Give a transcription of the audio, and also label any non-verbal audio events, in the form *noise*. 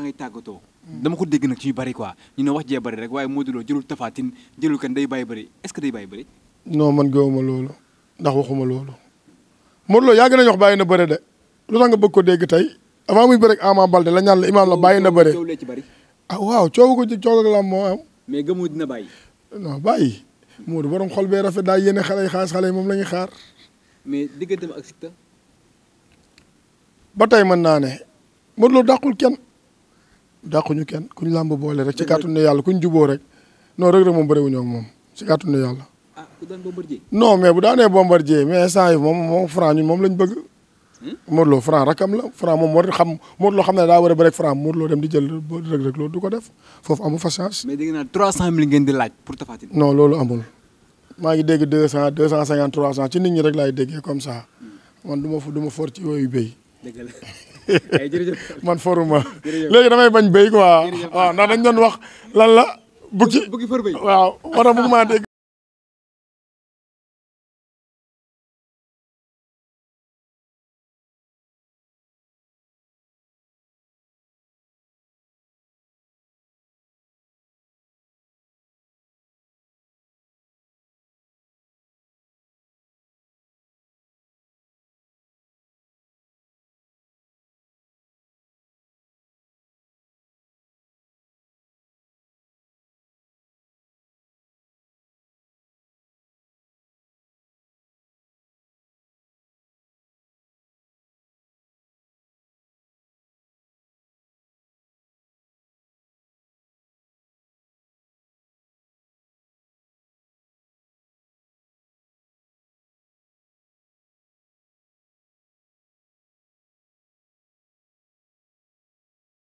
balaa ngay tàggatoo. dama ko dégg nag ci yu bari quoi ñu ne wax jee bari rek waaye Modou Lo jëlul Tapha Tine jëlul kan day bàyyi bëri est-ce que day bàyyi bëri. non man gëwuma loolu ndax waxuma loolu Modou Lo yàgg nañu wax bàyyi na bëri de lu tax nga bëgg ko dégg tey avant muy bëri ak Ama Baldé la ñaan la imaam la bàyyi na bëri ah waaw coow ko ci coow ak lam moo am. mais gëmoo dina bàyyi. non bàyyi Modou borom xol bee rafet daal yéene xale yi xaalis xale yi moom la ñuy xaar. mais digganteem ak Siteu. ba tey man naa ne Modou Lo dàqul kenn dàquñu kenn kuñ làmb boole rek ci kàttanu ne yàlla kuñ juboo rek non Reug Reug moom bëriwuñu ak moom ci kàttanu ne yàlla. ah mais bu daanee Bombardier mais instant yi moom moom Franc moom lañ bëgg. Hmm? Modou Lo Franc rakam la Franc moom war xam Lo xam ne daa a bëri ak dem di jël Reug Reug loolu du ko def foofu amu fa chance. mais dégg naa 300000 ngeen di laaj pour cent ci nit ñi rek laay déggee comme ça hmm. man du ma du ci yooyu béy dëgg la ay *laughs* jërëjëf man foruma léegi damay bañ béy quoi waaw ndax wax lan la bukki waaw war a maa dégg